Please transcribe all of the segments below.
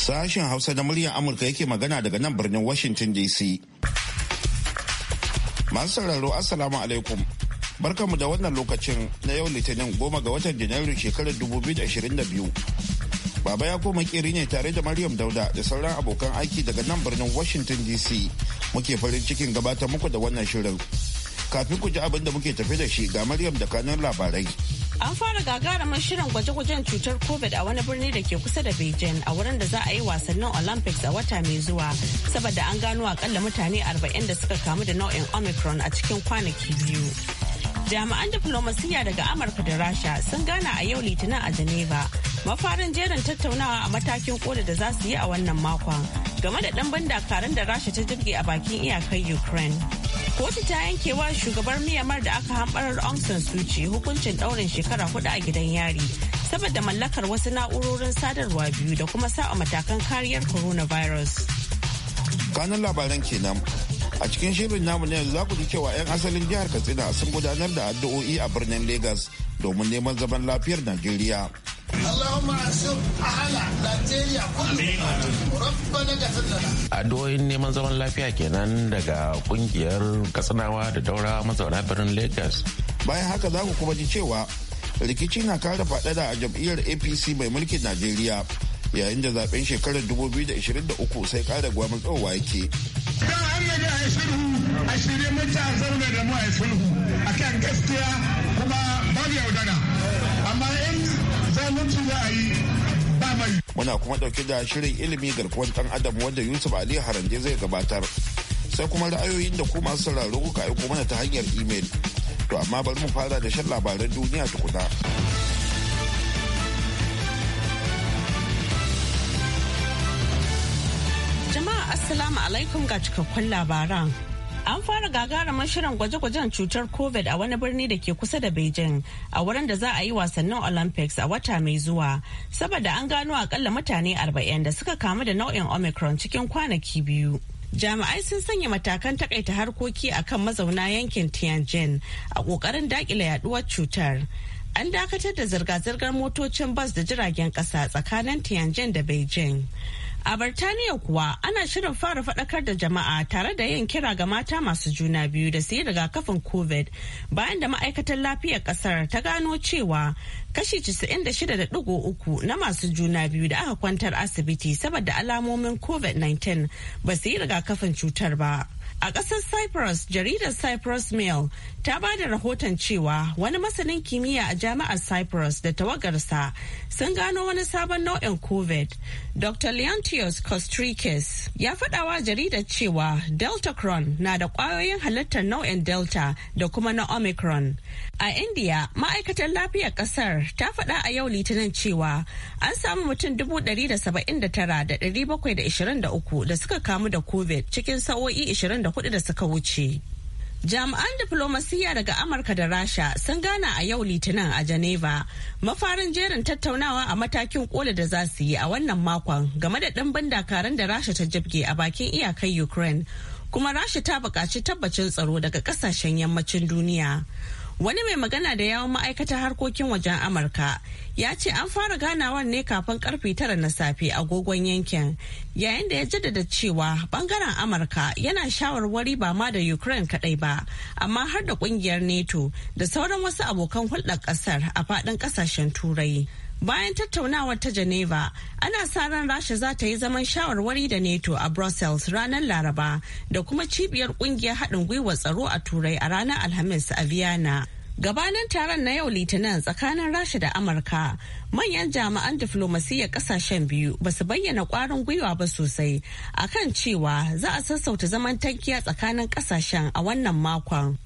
Sashen Hausa da muryar Amurka yake magana daga nan birnin Washington DC. Masu sauraro Assalamu alaikum. Barkanmu da wannan lokacin na yau Litinin goma ga watan janairu shekarar 2022. Baba ya koma kiri ne tare da Maryam Dauda da sauran abokan aiki daga nan birnin Washington DC. Muke farin cikin gabatar muku da wannan shirin. Kafin ku ji abin da muke tafi da shi ga Maryam da kanun labarai. An fara gagarumin shirin gwaje-gwajen cutar COVID a wani birni da ke kusa da Beijing a wurin da za a yi wasannin Olympics a wata mai zuwa, saboda an gano akalla mutane 40 da suka kamu da nau'in Omicron a cikin kwanaki biyu. Jami'an diflomasiyya daga Amurka da Rasha sun gana a yau Litinin a Geneva, mafarin jerin tattaunawa a matakin koda da za su yi a wannan makon. game da ban dakaran da rasha ta jirge a bakin iyakar ukraine kotu ta yankewa shugabar miyamar da aka hambarar Onsen suci hukuncin ɗaurin shekara hudu a gidan yari saboda mallakar wasu na'urorin sadarwa biyu da kuma sa'a matakan kariyar coronavirus kanan labaran kenan a cikin shirin namu ne za ku ji cewa 'yan asalin jihar katsina sun gudanar da addu'o'i a birnin Legas domin neman zaman lafiyar najeriya Addu'o'in neman zaman lafiya kenan daga kungiyar katsinawa da daura mazauna birnin Lagos. Bayan haka za ku kuma ji cewa rikici na kare faɗaɗa a jam'iyyar APC mai mulkin Najeriya yayin da zaben shekarar 2023 sai kara gwamnati tsawowa yake. Don an ne a sulhu a shirye zaune da mu a sulhu kan gaskiya kuma babu yaudara. Muna kuma ɗauke da shirin ilimi garkuwar ɗan adam wanda Yusuf Ali Harande zai gabatar. Sai kuma ra'ayoyin da kuma masu sauraro kuka aiko mana ta hanyar imel. To amma bari mu fara da shan labaran duniya tukuna. Jama'a Assalamu alaikum ga cikakkun labaran. An fara gagarumin shirin gwaje-gwajen cutar COVID a wani birni da ke kusa da Beijing a wurin da za a yi wasannin Olympics a wata mai zuwa. Saboda an gano akalla mutane 40 da suka kamu da nau'in Omicron cikin kwanaki biyu. Jami'ai sun sanya matakan takaita harkoki a kan mazauna yankin Tianjin a kokarin dakile yaduwar cutar. An dakatar da zirga-zirgar motocin bas da jiragen kasa tsakanin Tianjin da Beijing. A Birtaniya kuwa ana shirin fara faɗakar da jama'a tare da yin kira ga mata masu juna biyu da su yi rigakafin COVID bayan da ma'aikatar lafiyar ƙasar ta gano cewa kashi 96.3 na masu juna biyu da aka kwantar asibiti saboda alamomin COVID-19 ba su yi rigakafin cutar ba. A ƙasar Cyprus, jaridar Cyprus Mail ta ba da rahoton cewa wani masanin kimiyya a jami'ar Cyprus da tawagarsa sun gano wani sabon nau'in COVID. Dr. Leontios costrikes ya faɗawa jaridar cewa Deltacron na da ƙwayoyin halittar nau'in Delta da kuma na Omicron. A India, ma'aikatar lafiyar ƙasar ta faɗa a yau Litinin cewa an samu mutum 179,723 da suka kamu da COVID cikin sa'o'i 24 hudu da suka wuce. Jami'an diflomasiyya daga Amurka da Rasha sun gana a yau Litinin a Geneva mafarin jerin tattaunawa a matakin kola da za su yi a wannan makon game da ɗimbin dakarun da Rasha ta jibge a bakin iyakar Ukraine kuma Rasha ta buƙaci tabbacin tsaro daga ƙasashen yammacin duniya. wani mai magana da yawon ma'aikatar harkokin wajen amurka ya ce an fara ganawar ne kafin karfe tara na safe agogon yankin yayin da ya jaddada cewa bangaren amurka yana shawarwari ba ma da ukraine kadai ba amma har da kungiyar nato da sauran wasu abokan hulɗar ƙasar a faɗin ƙasashen turai Bayan tattaunawar ta Geneva, ana sa ran Rasha za ta yi zaman shawarwari da Neto a Brussels ranar Laraba da kuma cibiyar kungiyar haɗin gwiwar tsaro a Turai a ranar Alhamis a Vienna. Gabanin taron na yau Litinin tsakanin Rasha da Amurka, manyan jami'an diflomasiyyar kasashen biyu ba su bayyana kwarin gwiwa ba sosai akan cewa za a sassauta zaman tankiya tsakanin kasashen a wannan makon.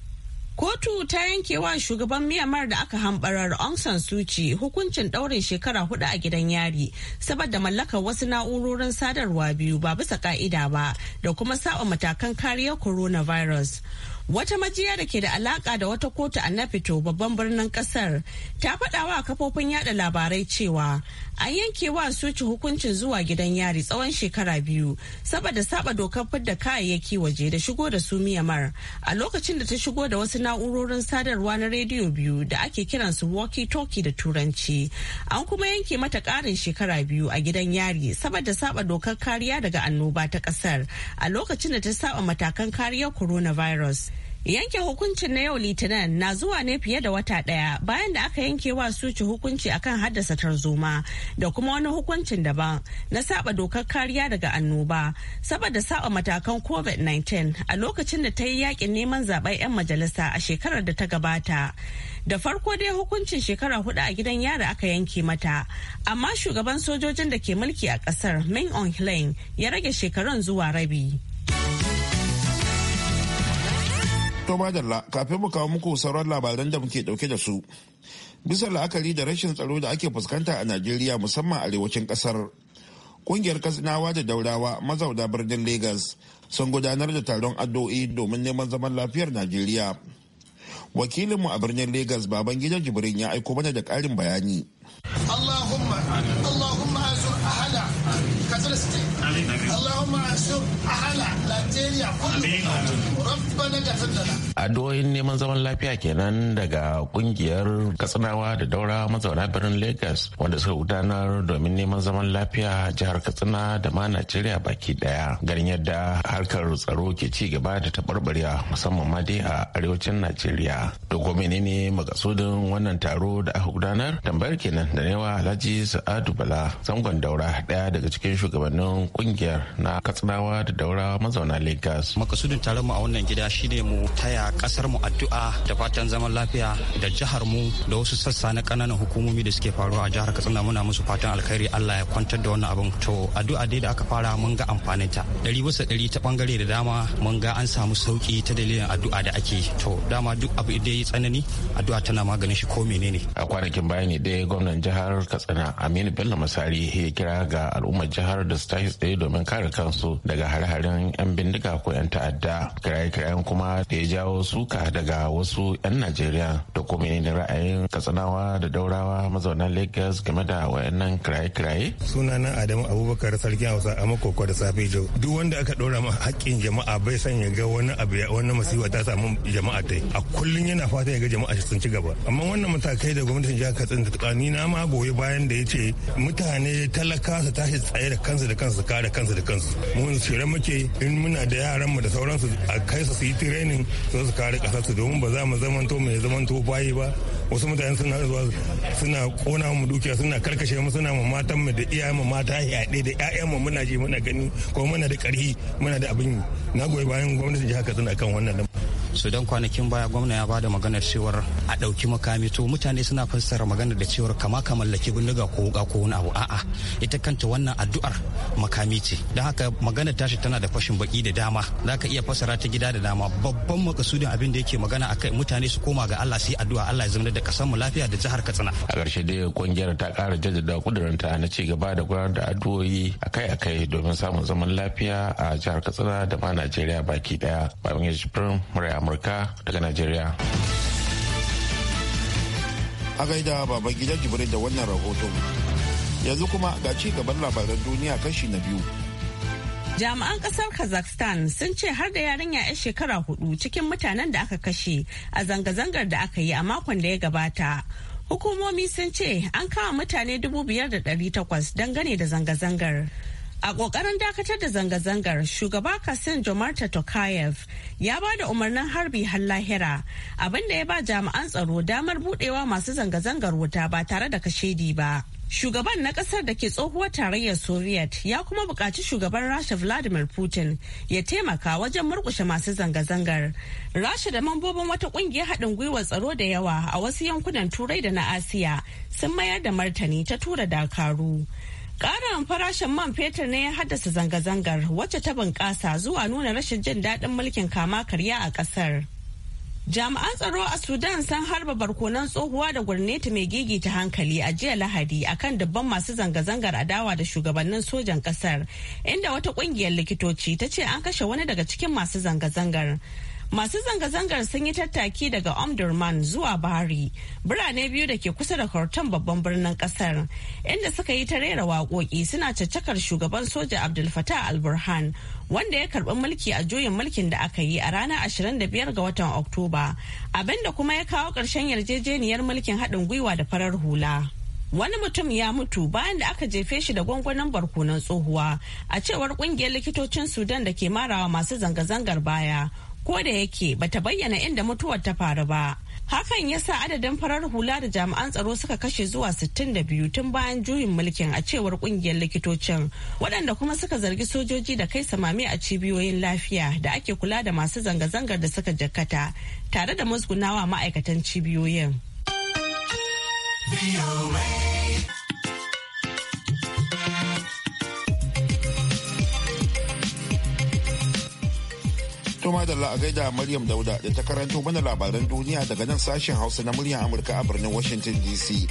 Kotu ta yanke wa shugaban Myanmar da aka hambarar Aung San Suu Kyi hukuncin ɗaurin shekara hudu a gidan yari saboda mallakar wasu na'urorin sadarwa biyu ba bisa ka'ida ba da kuma saba matakan kariyar coronavirus. Wata majiya da ke da alaka da wata kotu a Nafito babban birnin kasar ta faɗa wa kafofin yada labarai cewa an yanke wa suci hukuncin zuwa gidan yari tsawon shekara biyu saboda saba dokar fidda kayayyaki waje da shigo da su miyamar a lokacin da ta shigo da wasu na'urorin sadarwa na rediyo biyu da ake kiran su walkie-talkie da turanci. An kuma yanke mata ƙarin shekara biyu a gidan yari saboda saba dokar kariya daga annoba ta ƙasar a lokacin da ta saba matakan kariyar coronavirus. Yanke hukuncin na yau Litinin na zuwa ne fiye da wata daya bayan da aka yanke wa suci hukunci akan haddasa tarzoma da kuma wani hukuncin daban na saba dokar kariya daga annoba saboda saba matakan COVID-19 a lokacin da ta yi yakin neman zaben 'yan majalisa a shekarar da ta gabata. Da farko dai hukuncin shekara hudu a gidan yara aka yanke mata, amma shugaban sojojin da ke mulki a kasar main On ya rage shekarun zuwa rabi. To madalla kafin mu kawo muku sauran labaran da muke dauke da su. Bisa la'akari da rashin tsaro da ake fuskanta a Najeriya musamman arewacin kasar. Kungiyar Katsinawa da Daurawa mazauna birnin Legas sun gudanar da taron addu'o'i domin neman zaman lafiyar Najeriya. Wakilinmu a birnin Legas gidan Jibrin ya aiko mana da ƙarin bayani. Addu'o'in neman zaman lafiya kenan daga kungiyar Katsinawa da Daura mazauna birnin Lagos wanda suka gudanar domin neman zaman lafiya jihar Katsina da ma Najeriya baki daya. Ganin yadda harkar tsaro ke ci gaba da taɓarɓarewa musamman ma dai a arewacin Najeriya. dogo ko menene makasudin wannan taro da aka gudanar? Tambayar kenan da yawa Alhaji Sa'adu Bala zangon Daura daya daga cikin shugabannin kungiyar na Katsinawa da Daura mazauna Lagos. Makasudin taron mu a wannan gida shine mu taya kasar mu addu'a da fatan zaman lafiya da jihar mu da wasu sassa na kananan hukumomi da suke faruwa a jihar Katsina muna musu fatan alkhairi Allah ya kwantar da wannan abin to addu'a dai da aka fara mun ga amfanin ta ɗari bisa ɗari ta bangare da dama mun ga an samu sauki ta dalilin addu'a da ake to dama duk abu da ya tsanani addu'a tana maganin shi ko menene a kwanakin baya ne dai gwamnan jihar Katsina Aminu Bello Masari ya kira ga al'ummar jihar da su tashi tsaye domin kare kansu daga hare-haren 'yan bindiga ko 'yan ta'adda kiraye-kirayen kuma da ya jawo suka daga wasu 'yan najeriya da kuma ne ra'ayin katsinawa da daurawa mazaunan lagos game da wayannan kiraye-kiraye sunana adamu abubakar sarkin hausa a makoko da safe jau duk wanda aka ɗora ma haƙƙin jama'a bai san ya ga wani abu wani masifa ta samu jama'a ta a kullum yana fata ya ga jama'a sun ci gaba amma wannan matakai da gwamnatin jihar katsina ta ni na ma goyi bayan da ya ce mutane talaka su tashi tsaye da kansu da kansu kare kansu da kansu mun shirye muke in muna da yaran mu da sauransu a kai su su yi training su su kare kasa su domin ba za mu zamanto mai zamanto bayi ba wasu mutane suna zuwa suna kona mu dukiya suna karkashe mu suna matan mu da iyayen mu mata yaɗe da ƴaƴan mu muna ji muna gani ko muna da karhi muna da abin na goyi bayan gwamnatin jihar Katsina kan wannan so don kwanakin baya gwamna ya bada magana cewar a ɗauki makami to mutane suna fassara maganar da cewar kama ka mallaki bindiga ko wuka ko wani abu a'a ita kanta wannan addu'ar makami ce don haka maganar tashi tana da fashin baki da dama zaka iya fassara ta gida da dama babban makasudin abin da yake magana akai mutane su koma ga Allah su yi addu'a Allah ya zama da kasan mu lafiya da jihar Katsina a ƙarshe dai kungiyar ta ƙara jaddada kudurinta na ci gaba da gudanar da addu'o'i akai-akai domin samun zaman lafiya a jihar Katsina da ma Najeriya baki daya babin ya amurka daga najeriya a gaida baban gidan jibril da wannan rahoton yanzu kuma ga ci gaban labaran duniya kashi na biyu Jami'an kasar Kazakhstan sun ce har da yarinya 'yar shekara hudu cikin mutanen da aka kashe a zanga-zangar da aka yi a makon da ya gabata. Hukumomi sun ce an kama mutane 5,800 dangane da zanga-zangar. A ƙoƙarin dakatar da zanga-zangar, shugaba Kasim Jomarta Tokayev ya ba da umarnin harbi har lahira, abinda ya ba jami'an tsaro damar budewa masu zanga-zangar wuta ba tare da kashedi ba. Shugaban na ƙasar da ke tsohuwar tarayyar Soviet ya kuma buƙaci shugaban Rasha Vladimir Putin ya taimaka wajen murƙushe masu zanga-zangar. Rasha da mambobin wata ƙungiyar haɗin gwiwar tsaro da yawa a wasu yankunan Turai da na Asiya sun mayar da martani ta tura dakaru. Ƙarin farashin man fetur ne ya haddasa zanga-zangar wacce ta bunƙasa zuwa nuna rashin jin daɗin mulkin kama karya a ƙasar. Jami'an tsaro a Sudan sun harba barkonan tsohuwa da gwamnati mai gigi ta hankali a jiya Lahadi akan dubban masu zanga-zangar adawa da shugabannin sojan ƙasar, inda wata ƙungiyar likitoci ta ce an kashe wani daga cikin masu zanga-zangar. Masu zanga-zangar sun yi tattaki daga Omdurman zuwa bahari birane biyu da ke kusa da Khartoum babban birnin kasar, inda suka yi ta rera waƙoƙi suna caccakar shugaban soja Abdul Fattah al-Burhan, wanda ya karɓi mulki a juyin mulkin da aka yi a ranar 25 ga watan Oktoba, abinda kuma ya kawo ƙarshen yarjejeniyar mulkin haɗin gwiwa da farar hula. wani mutum ya mutu bayan da aka jefe shi da gwangwanin barkonon tsohuwa a cewar kungiyar likitocin sudan da ke marawa masu zanga-zangar baya ko da yake bata bayyana inda mutuwar ta faru ba hakan ya sa adadin farar hula da jami'an tsaro suka kashe zuwa 62 tun bayan juyin mulkin a cewar kungiyar likitocin waɗanda kuma suka zargi sojoji da kai samami a cibiyoyin lafiya da ake kula da masu zanga-zangar da suka jakkata tare da musgunawa ma'aikatan cibiyoyin. To da a gaida Maryam Dauda da ta karanto mana labaran duniya daga nan sashen Hausa na muryar Amurka a birnin Washington DC.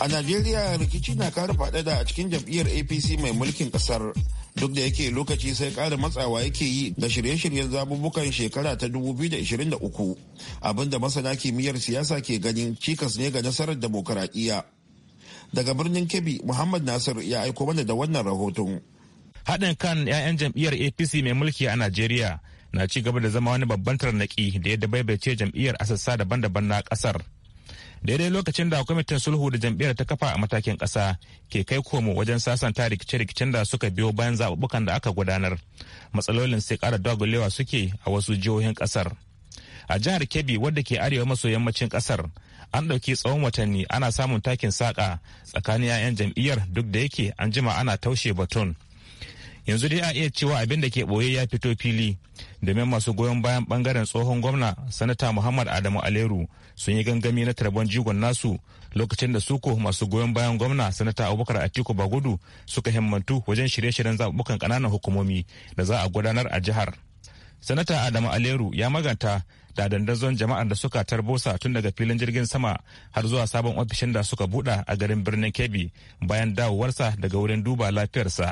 A Najeriya rikici na kara faɗaɗa a cikin jam'iyyar APC mai mulkin ƙasar duk da yake lokaci sai ƙara matsawa yake yi da shirye-shiryen zabubukan shekara ta 2023 abinda masana kimiyyar siyasa ke ganin cikas ne ga nasarar demokaradiyya. daga birnin kebbi muhammad nasir ya aiko mana da wannan rahoton haɗin kan 'ya'yan jam'iyyar apc mai mulki a najeriya na ci gaba da zama wani babban tarnaki da yadda baibace jam'iyyar asassa daban-daban na ƙasar daidai lokacin da kwamitin sulhu da jam'iyyar ta kafa a matakin ƙasa ke kai komo wajen sasanta rikice-rikicen da suka biyo bayan zaɓuɓɓukan da aka gudanar matsalolin sai ƙara dagulewa suke a wasu jihohin ƙasar a jihar kebbi wadda ke arewa maso yammacin ƙasar an ɗauki tsawon watanni ana samun takin saƙa tsakanin 'ya'yan jam'iyyar duk da yake an jima ana taushe baton. yanzu dai a iya cewa abin da ke ɓoye ya fito fili domin masu goyon bayan ɓangaren tsohon gwamna sanata muhammad adamu aleru sun yi gangami na tarban jigon nasu lokacin da suko masu goyon bayan gwamna sanata abubakar atiku bagudu suka himmantu wajen shirye-shiryen zaɓuɓɓukan ƙananan hukumomi da za a gudanar a jihar sanata adamu aleru ya maganta da dandazon jama'ar da suka tarbosa tun daga filin jirgin sama har zuwa sabon ofishin da suka buɗa a garin birnin kebbi bayan dawowarsa daga wurin duba lafiyarsa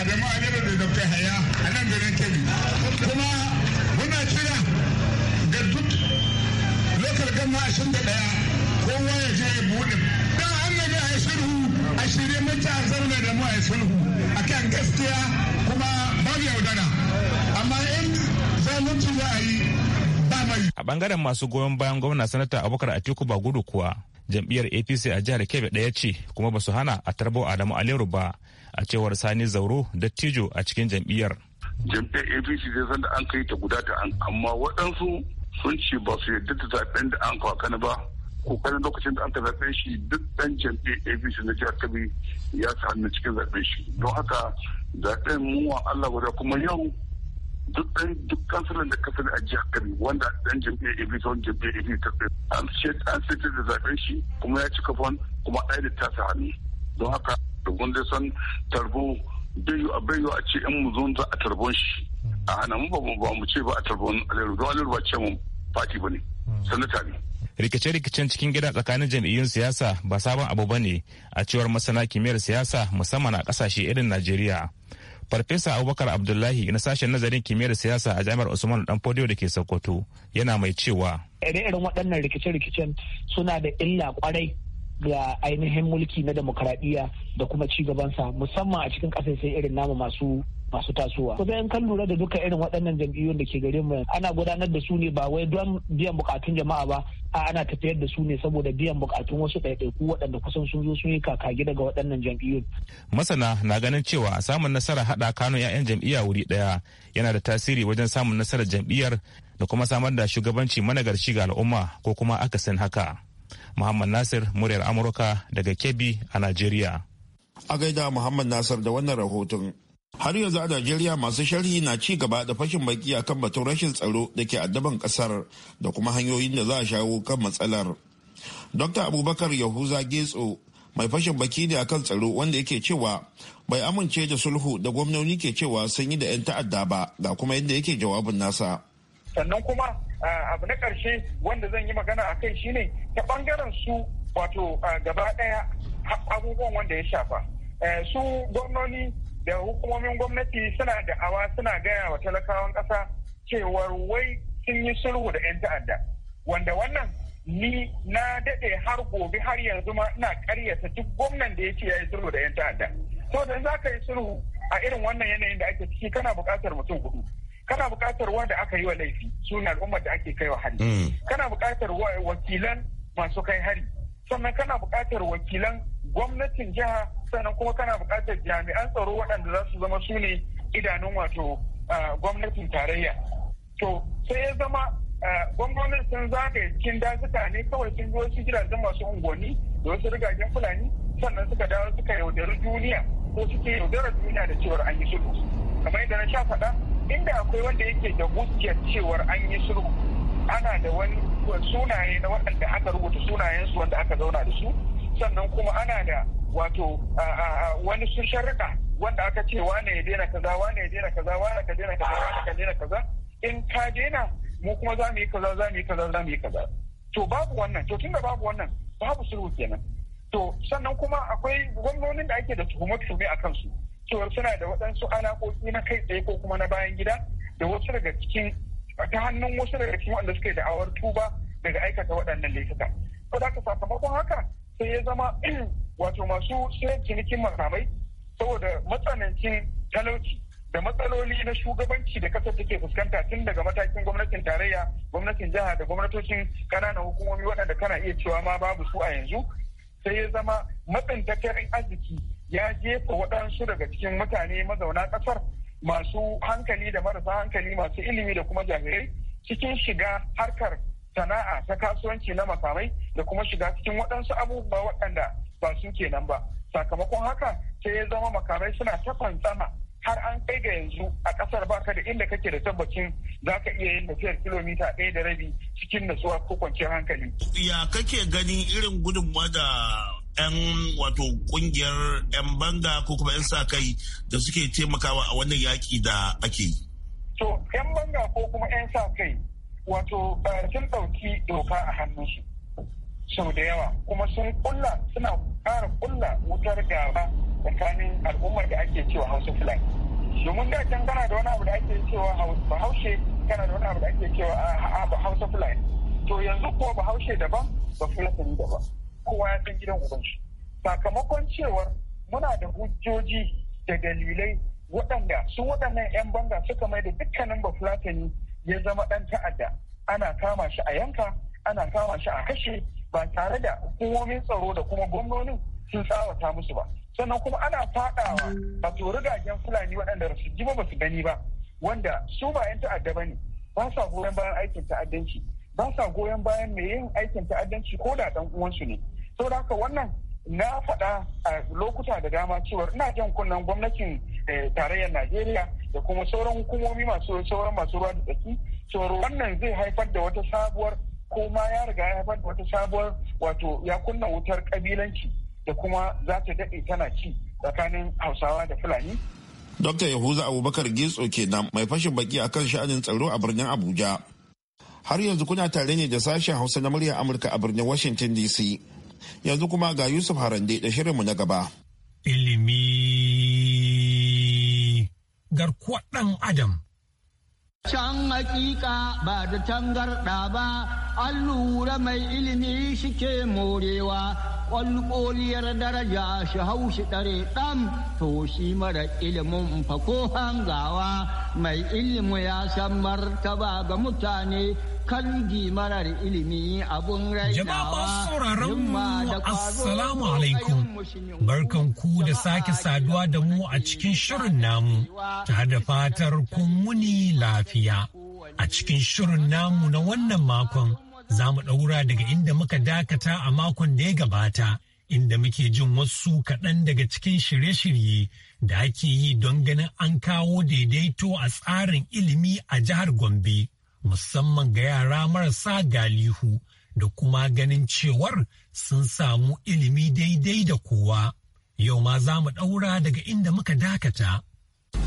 Adamu Aliyu da Dr. Haya a nan garin Kebbi. Kuma muna kira da duk lokal gama 21 zaune da mu a sulhu a kan gaskiya kuma amma in zalunci za a yi ba mai. a bangaren masu goyon bayan gwamna sanata abubakar atiku ba gudu kuwa jam'iyyar apc a jihar kebe daya ce kuma ba su hana a tarbo adamu aliyu ba a cewar sani zauro dattijo a cikin jam'iyyar jam'iyyar apc zai san da an kai ta guda ta amma waɗansu sun ce ba su yarda da zaɓen da an kwakana ba kokarin lokacin da aka zaɓe shi duk ɗan jam'iyyar abc na jihar kabi ya sa hannu cikin zaɓe shi don haka zaɓen wa allah guda kuma yau duk ɗan duk kansulan da kasar a jihar kabi wanda ɗan jam'iyyar abc wani jam'iyyar abc ta tsaye an setar da zaɓen shi kuma ya cika fon kuma ɗaya da ta sa hannu don haka da gundai son tarbo bayu a bayu a ce in mu zo za a tarbon shi a hana mu ba mu ce ba a tarbon aliru don aliru ba ce mu fati ba ne hmm. sanata ne rikice-rikicen cikin gida tsakanin jam'iyyun siyasa ba sabon abu ba ne a cewar masana kimiyyar siyasa musamman a kasashe irin najeriya farfesa abubakar abdullahi na sashen nazarin kimiyyar siyasa a jami'ar usman dan fodiyo da ke sokoto yana mai cewa ire-iren waɗannan rikice-rikicen suna da illa kwarai ga ainihin mulki na demokaradiyya da kuma ci gabansa musamman a cikin ƙasashe irin namu masu masu tasowa kuma in kan lura da duka irin waɗannan jam'iyyun da ke gare mu ana gudanar da su ne ba wai don biyan bukatun jama'a ba a ana tafiyar da su ne saboda biyan bukatun wasu ɗaiɗaiku waɗanda kusan sun zo sun yi kakagi daga waɗannan jam'iyyun masana na ganin cewa samun nasara haɗa kanun 'ya'yan jam'iyya wuri ɗaya yana da tasiri wajen samun nasarar jam'iyyar da kuma samar da shugabanci managarci ga al'umma ko kuma akasin haka muhammad nasir muryar amurka daga kebbi a najeriya a gaida muhammad nasir da wannan rahoton har yanzu a najeriya masu sharhi na ci gaba da fashin baki a kan batun rashin tsaro da ke addaban kasar da kuma hanyoyin da za a shawo kan matsalar dr abubakar yahuza getso mai fashin baki ne akan tsaro wanda yake cewa bai amince da sulhu da gwamnoni ke cewa sun yi da 'yan ta'adda ba ga kuma yadda yake jawabin nasa sannan kuma abu na karshe wanda zan yi magana a kai shine ta bangaren su wato gaba daya abubuwan wanda ya shafa eh, su gwamnoni da hukumomin gwamnati suna da awa suna gaya wa talakawan kasa cewar wai sun yi sulhu da 'yan ta'adda wanda wannan ni na daɗe har gobe har yanzu ma ina karyata duk gwamnan da ya ce ya yi sulhu da 'yan ta'adda to da za ka yi sulhu a irin wannan yanayin da ake ciki kana buƙatar mutum hudu kana buƙatar wanda aka yi wa laifi suna al'ummar da ake kai wa hari mm. kana buƙatar wakilan masu kai hari sannan kana buƙatar wakilan gwamnatin jiha sannan kuma kana bukatar jami'an tsaro waɗanda za su zama su ne idanun wato gwamnatin tarayya to sai ya zama gwamnati sun zagaye cikin dazuka ne kawai sun zo su gidajen masu unguwanni da wasu rigagen fulani sannan suka dawo suka yaudari duniya ko suke yaudarar duniya da cewar an yi sulhu kamar yadda na sha faɗa inda akwai wanda yake da hujjar cewar an yi sulhu ana da wani sunaye na waɗanda aka rubuta sunayensu wanda aka zauna da su sannan kuma ana da wato wani sun sharrika wanda aka ce wane ya daina kaza wane ya daina kaza wane ka daina kaza wane ka daina kaza in ka daina mu kuma za mu yi kaza za mu yi kaza za mu yi kaza to babu wannan to tunda babu wannan babu sulhu kenan to sannan kuma akwai gwamnonin da ake da tuhumar tuhume a kansu to suna da waɗansu alaƙoƙi na kai tsaye ko kuma na bayan gida da wasu daga cikin ta hannun wasu daga cikin wanda suka yi da'awar tuba daga aikata waɗannan laifuka. Ko da sakamakon haka sai ya zama wato masu sai cinikin makamai saboda matsanancin talauci da matsaloli na shugabanci da kasar take fuskanta tun daga matakin gwamnatin tarayya gwamnatin jiha da gwamnatocin kananan hukumomi waɗanda kana iya cewa ma babu su a yanzu sai ya zama matsin tattalin arziki ya jefa waɗansu daga cikin mutane mazauna ƙasar masu hankali da marasa hankali masu ilimi da kuma jami'ai cikin shiga harkar sana'a ta kasuwanci na makamai da kuma shiga cikin waɗansu abubuwa waɗanda ba su kenan ba sakamakon haka sai ya zama makamai suna ta fantsama har an kai ga yanzu a ƙasar baka da inda kake da tabbacin za ka iya yin tafiyar kilomita ɗaya da rabi cikin natsuwa ko kwanciyar hankali. Ya kake ganin irin gudunmawa da 'yan wato ƙungiyar 'yan banga ko kuma 'yan sa kai da suke taimakawa a wannan yaƙi da ake yi? To 'yan banga ko kuma 'yan sa kai wato sun ɗauki doka a hannun su sau da yawa kuma sun kulla suna ƙara kulla wutar gaba tsakanin al'ummar da ake cewa hausa fulani domin da can gana da wani abu da ake cewa bahaushe kana da wani abu da ake cewa a ah, bahausa ah, ah, fulani to yanzu kuwa bahaushe daban ba fulani daban kowa ya san gidan ubanshi sakamakon cewar muna da hujjoji da dalilai waɗanda su waɗannan 'yan banga suka mai da dukkanin bafulatani ya zama ɗan ta'adda ana kama shi a yanka ana kama shi a kashe ba tare da hukumomin tsaro da kuma gwamnonin sun tsawata musu ba sannan kuma ana fadawa wato rigagen fulani waɗanda su ji ba su gani ba wanda su ba 'yan ta'adda ba ne ba sa goyon bayan aikin ta'addanci ba sa goyon bayan mai yin aikin ta'addanci ko da ɗan uwansu ne saboda haka wannan na faɗa a lokuta da dama cewa ina jan kunnen gwamnatin eh, tarayyar najeriya da kuma sauran hukumomi masu sauran masu ruwa da tsaki cewar wannan zai haifar da wata sabuwar ko ma ya riga ya haifar da wata sabuwar wato ya kunna wutar kabilanci da kuma za ta daɗe tana ci tsakanin hausawa da fulani Dr. Yahuza Abubakar Getso kenan mai fashin baki akan sha'anin tsaro a birnin Abuja. Har yanzu kuna tare ne da sashen Hausa na murya Amurka a birnin Washington DC. yanzu kuma ga yusuf harande da shirinmu na gaba ilimi garkuwar dan adam Can hakika ba da tangarɗa ba, an lura mai ilimi shike morewa, kwalkoliyar daraja shi haushi ɗare ɗan, to shi mara ilimin fako hangawa, mai ilimi ya san martaba ga mutane kalgi marar ilimi abun wa jama'a sauraron mu assalamu alaikum barkan ku da sake saduwa da mu a cikin shirin namu ta da fatar kun muni lafiya a cikin shirin namu na wannan makon za mu ɗaura daga inda muka dakata a makon da ya gabata inda muke jin wasu kaɗan daga cikin shirye-shirye da ake yi don ganin an kawo daidaito a tsarin ilimi a jihar Gombe. musamman ga yara marasa galihu da kuma ganin cewar sun samu ilimi daidai da kowa. Yau ma za mu ɗaura daga inda muka dakata.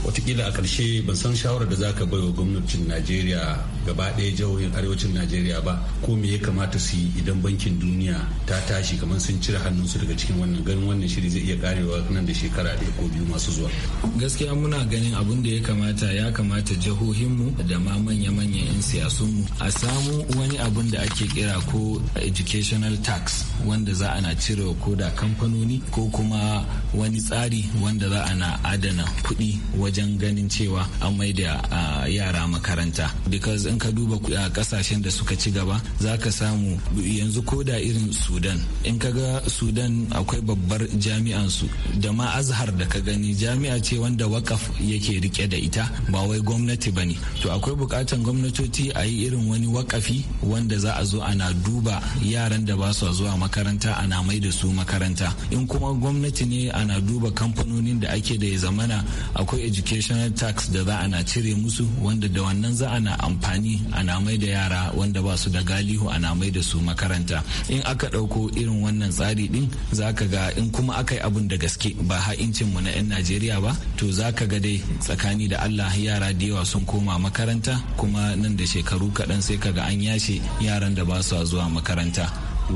watakila a ƙarshe ban san shawarar da zaka bai wa gwamnatin najeriya gaba ɗaya jihohin arewacin najeriya ba ko me ya kamata su yi idan bankin duniya ta tashi kamar sun cire hannunsu daga cikin wannan ganin wannan shiri zai iya karewa nan da shekara ɗaya ko biyu masu zuwa gaskiya muna ganin abin da ya kamata ya kamata jihohinmu da ma manya-manyan 'yan siyasunmu a samu wani abin da ake kira ko educational tax wanda za ana cire ko da kamfanoni ko kuma wani tsari wanda za ana adana kuɗi wajen ganin cewa an mai da yara makaranta because in ka duba kasashen da suka ci gaba za ka samu yanzu ko da irin sudan in ka ga sudan akwai babbar jami'ansu da ma azhar da ka gani jami'a ce wanda wakaf yake rike da ita ba wai gwamnati ba ne to akwai bukatan gwamnatoci a yi irin wani wakafi wanda za a zo ana duba yaran da ba su zuwa makaranta ana mai da su makaranta in kuma gwamnati ne ana duba kamfanonin da ake da ya zamana akwai educational tax da za ana cire musu wanda da wannan za ana amfani ana mai da yara wanda ba su da galihu ana mai da su makaranta in aka ɗauko irin wannan tsari din za ka ga in kuma aka yi abun da gaske ba ha'incin mu na 'yan najeriya ba to za ka ga dai tsakani da allah yara da yawa sun koma makaranta kuma nan da shekaru kaɗan sai ka ga an yashe yaran da ba su zuwa makaranta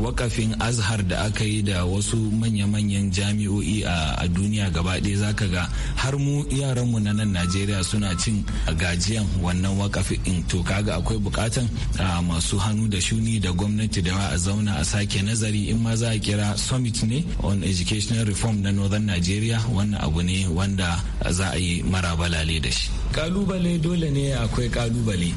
wakafin azhar da aka yi da wasu manya-manyan jami'o'i a duniya gaba ɗaya zaka ga har mu yaranmu na nan najeriya suna cin gajiyan wannan wakafin to kaga akwai bukatan masu hannu da shuni da gwamnati da a zauna a sake nazari in ma za a kira summit ne on educational reform na northern nigeria wannan abu ne wanda za a yi marabalale da shi kalubale dole ne akwai kalubale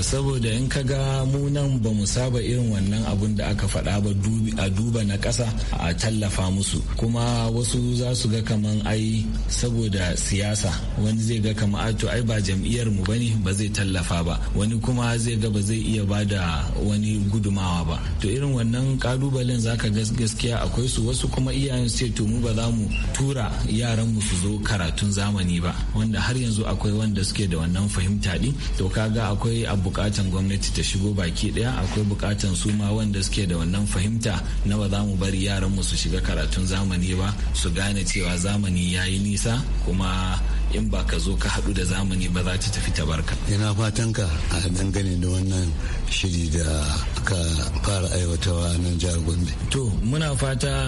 saboda in ka ga munan ba mu saba irin wannan abun da aka faɗa ba a duba na ƙasa a tallafa musu kuma wasu za su ga kaman ai saboda siyasa wani zai ga kama ato ai ba jam'iyyar mu bane ba zai tallafa ba wani kuma zai ga ba zai iya bada wani gudumawa ba to irin wannan kalubalen zaka gaskiya akwai su wasu kuma iyayen su ce to mu ba za mu tura yaran mu su zo karatun zamani ba wanda har yanzu akwai wanda suke da wannan fahimta din to kaga akwai a bukatan gwamnati ta shigo baki daya akwai bukatan su ma wanda suke da wannan fahimta na ba za mu bari yaran mu su shiga karatun zamani ba su gane cewa zamani yayi nisa kuma in ba ka zo ka haɗu da zamani ba za ta tafi barka. Ina fatan ka a dangane da wannan shiri da aka fara aiwatawa nan jihar Gombe. To muna fata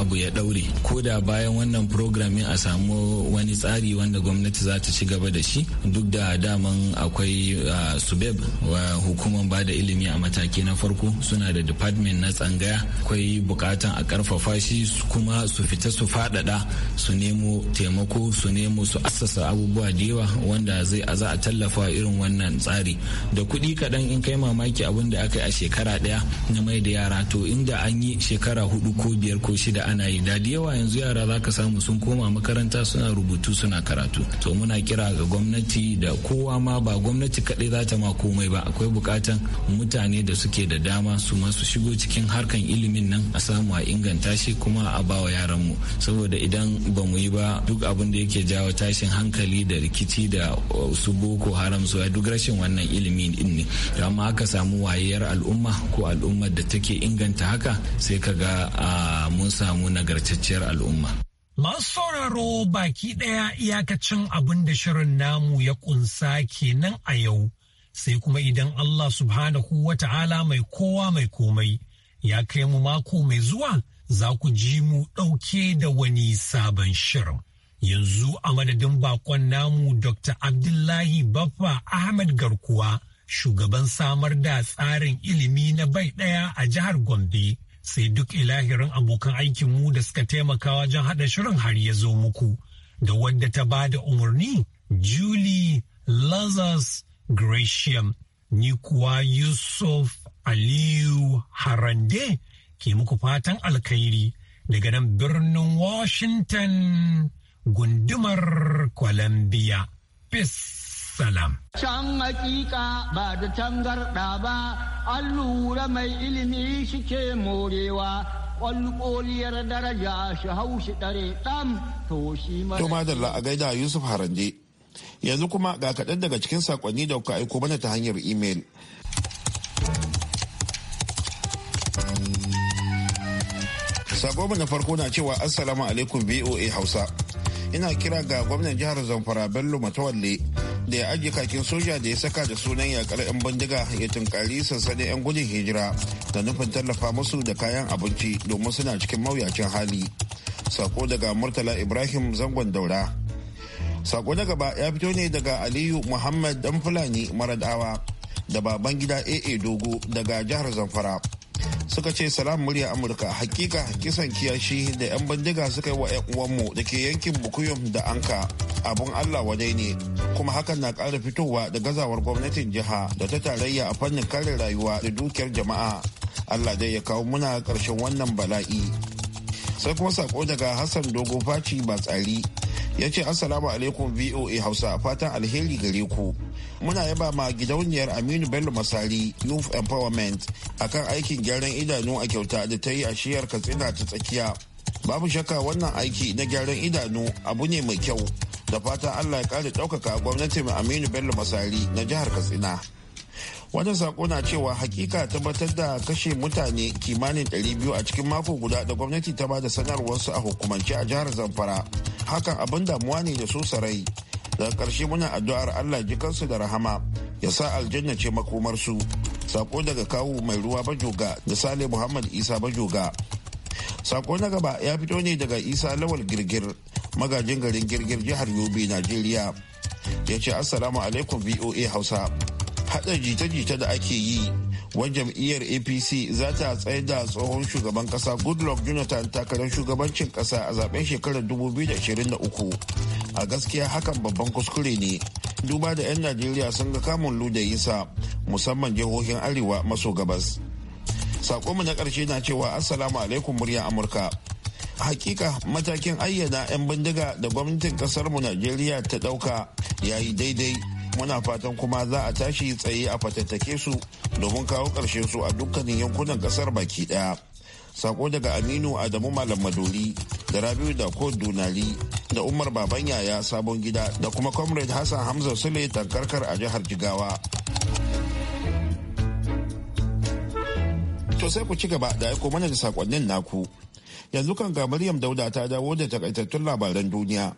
abu ya ɗaure ko da bayan wannan programming a samu wani tsari wanda gwamnati za ta ci gaba da shi duk da daman akwai subeb wa hukumar ba da ilimi a mataki na farko suna da department na tsangaya akwai bukatan a karfafa shi kuma su fita su faɗaɗa su nemo taimako su nemo su assasa abubuwa da yawa wanda zai za a tallafa irin wannan tsari da kuɗi kaɗan in kai mamaki abin da aka yi a shekara ɗaya na mai da yara to inda an yi shekara hudu ko biyar ko shida ana yi da yawa yanzu yara za ka samu sun koma makaranta suna rubutu suna karatu to muna kira ga gwamnati da kowa ma ba gwamnati kaɗai za ta ma komai ba akwai bukatan mutane da suke da dama su ma su shigo cikin harkan ilimin nan a samu a inganta shi kuma a bawa mu saboda idan ba mu yi ba duk abin da yake jawo ta tashin hankali da rikici da uh, su boko haram su duk rashin wannan ilimi din ne amma aka samu wayar al'umma ko al'ummar da take inganta haka sai ka ga uh, mun samu nagartacciyar al'umma Masu sauraro baki daya iyakacin abin da shirin namu ya ƙunsa kenan a yau, sai kuma idan Allah subhanahu wa ta'ala mai kowa mai komai ya kai mu mako mai zuwa za ku ji mu dauke da wani sabon shirin. yanzu a madadin bakon namu dr abdullahi baffa Ahmed garkuwa shugaban samar da tsarin ilimi na bai ɗaya a jihar gombe sai duk ilahirin abokan aikinmu da suka taimaka wajen haɗa shirin har ya zo muku da wadda ta ba da umarni julie lazarus gratiam ni kuwa yusuf aliyu harande ke muku fatan alkhairi daga nan birnin washington gundumar Columbia. Peace. Salam. Can hakika ba da tangarɗa ba, an lura mai ilimi shi ke morewa, ƙwalƙoliyar daraja shi hau shi ɗan to shi mara. Toma a gaida Yusuf haranje Yanzu kuma ga kaɗan daga cikin saƙonni da kuka aiko mana ta hanyar imel. Sako na farko na cewa Assalamu alaikum VOA Hausa. ina kira ga gwamnan jihar zamfara bello matawalle da ya ajiye kakin soja da ya saka da sunan yakar 'yan bindiga ya tunkari sansanin 'yan gudun hijira da nufin tallafa musu da kayan abinci domin suna cikin mawuyacin hali sako daga murtala ibrahim zangon daura sako na gaba ya fito ne daga aliyu muhammad dan fulani maradawa da baban gida aa dogo daga jihar zamfara suka ce salam murya amurka hakika kisan kiyashi da 'yan bindiga suka yi wa 'yan uwanmu da ke yankin bukuyum da anka abun allah wadai ne kuma hakan na ƙara fitowa da gazawar gwamnatin jiha da ta tarayya a fannin kare rayuwa da dukiyar jama'a allah dai ya kawo muna ƙarshen wannan bala'i sai kuma sako daga hassan dogo faci ba tsari ya ce assalamu alaikum voa hausa fatan alheri gare ku muna yaba ma gidauniyar aminu bello masari youth empowerment akan aikin gyaran idanu a kyauta da ta yi a shiyar katsina ta tsakiya babu shakka wannan aiki na gyaran idanu abu ne mai kyau da fata allah ya kare ɗaukaka gwamnatin aminu bello masari na jihar katsina wani sako na cewa hakika tabbatar da kashe mutane kimanin 200 a cikin mako guda da gwamnati ta ba da sanarwar su a hukumance a jihar zamfara hakan abin damuwa ne da so sarai daga ƙarshe muna addu'ar allah jikansu da rahama ya sa aljanna ce su sako daga kawu mai ruwa bajoga da sale muhammad isa bajoga sako na gaba ya fito ne daga isa lawal girgir magajin garin girgir jihar yobe najeriya ya ce assalamu alaikum voa hausa haɗa jita-jita da ake yi wa jam'iyyar apc za ta tsaye da tsohon shugaban kasa goodluck jonathan takarar shugabancin kasa a zaben shekarar 2023 a gaskiya hakan babban kuskure ne duba da 'yan najeriya sun ga kamun ludayinsa musamman jihohin arewa maso gabas sakonmu na ƙarshe na cewa assalamu alaikum murya amurka hakika matakin ayyana 'yan bindiga da gwamnatin mu najeriya ta ɗauka ya yi daidai muna fatan kuma za a tashi tsaye a fatattake su domin kawo ƙarshen su a dukkanin yankunan ƙasar baki ɗaya sako daga aminu adamu malam maduri da rabiu da kodunali da umar baban yaya sabon gida da kuma comrade hassan hamza sule tankarkar a jihar jigawa to sai ku ci gaba da aiko mana da sakonnin naku yanzu kan ga maryam dauda ta dawo da takaitattun labaran duniya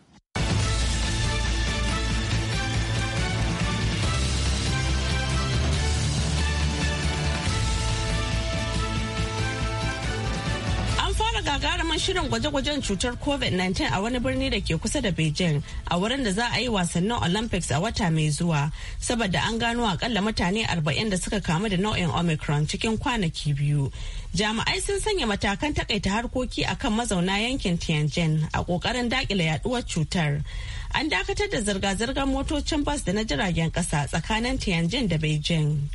gagaraman shirin gwaje-gwajen cutar COVID-19 a wani birni da ke kusa da Beijing a wurin da za a yi wasannin Olympics a wata mai zuwa, saboda an gano akalla mutane 40 da suka kamu da nau'in Omicron cikin kwanaki biyu. Jami'ai sun sanya matakan takaita harkoki kan mazauna yankin Tianjin a kokarin dakile yaduwar cutar. An dakatar da zirga-zirgar motocin bas da na jiragen kasa tsakanin Tianjin da Beijing.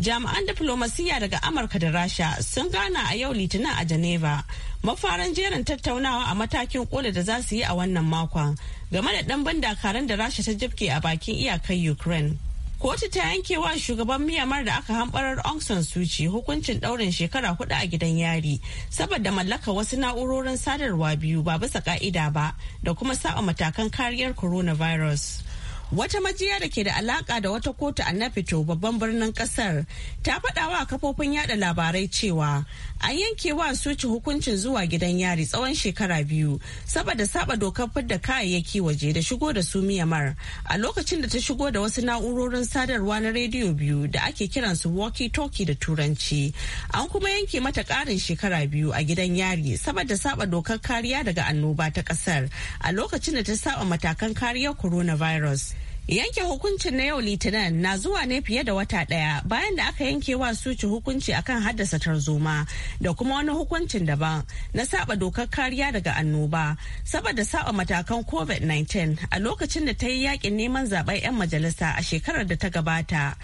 jami'an diflomasiyya daga amurka da rasha sun gana a yau litinin a geneva mafarin jerin tattaunawa a matakin kola da za su yi a wannan makon game da ɗanban dakarun da rasha ta jibke a bakin iyakar ukraine kotu ta yanke wa shugaban miyamar da aka hamɓarar aung san suci hukuncin ɗaurin shekara hudu a gidan yari saboda mallaka wasu na'urorin sadarwa biyu ba bisa ka'ida ba da kuma sa'a matakan kariyar coronavirus Wata majiya da ke da alaka da wata kotu a fito babban birnin kasar ta faɗawa a kafofin yada labarai cewa an yanke wa suci hukuncin zuwa gidan yari tsawon shekara biyu saboda saba dokar fidda kayayyaki waje da shigo da su miyamar a lokacin da ta shigo da wasu na'urorin sadarwa na rediyo biyu da ake kiran su walkie talkie da turanci an kuma yanke mata ƙarin shekara biyu a gidan yari saboda saba dokar kariya daga annoba ta ƙasar a lokacin da ta saba matakan kariyar coronavirus Yanke hukuncin na yau Litinin na zuwa ne fiye da wata ɗaya bayan da aka yanke wa suci hukunci akan haddasa tarzoma da kuma wani hukuncin daban na saba dokar kariya daga annoba saboda saba matakan COVID-19 a lokacin da ta yi yakin neman zaben 'yan majalisa a shekarar da ta gabata.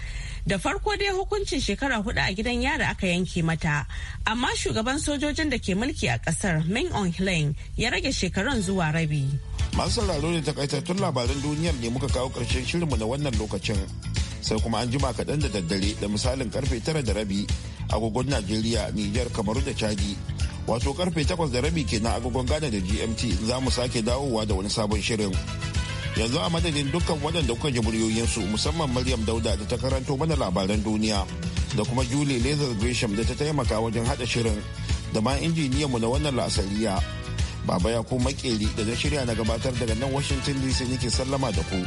Da farko dai hukuncin shekara hudu a gidan yara aka yanke mata, amma shugaban sojojin da ke mulki a kasar Ming On ya rage shekarun zuwa rabi. Masu sauraro da takaitattun labaran duniyar ne muka kawo ƙarshen shirinmu na wannan lokacin. Sai kuma an jima kaɗan da daddare da misalin karfe tara da rabi agogon Najeriya, Nijar, Kamaru da Chadi. Wato karfe takwas da rabi kenan agogon Ghana da GMT za mu sake dawowa da wani sabon shirin. Yanzu a madadin dukkan waɗanda kuka ji muryoyinsu musamman Maryam Dauda da ta karanto mana labaran duniya da kuma Julie lezer Gresham da ta taimaka wajen haɗa shirin da ma injiniyanmu na wannan la'asariya. Baba ya ko makeri da na shirya na gabatar daga nan Washington DC nake sallama da ku.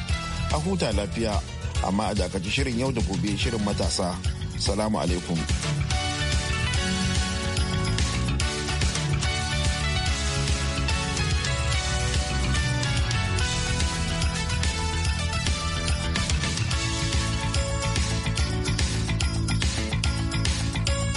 A huta lafiya, amma a dakaci shirin yau da gobe shirin matasa. Salamu alaikum.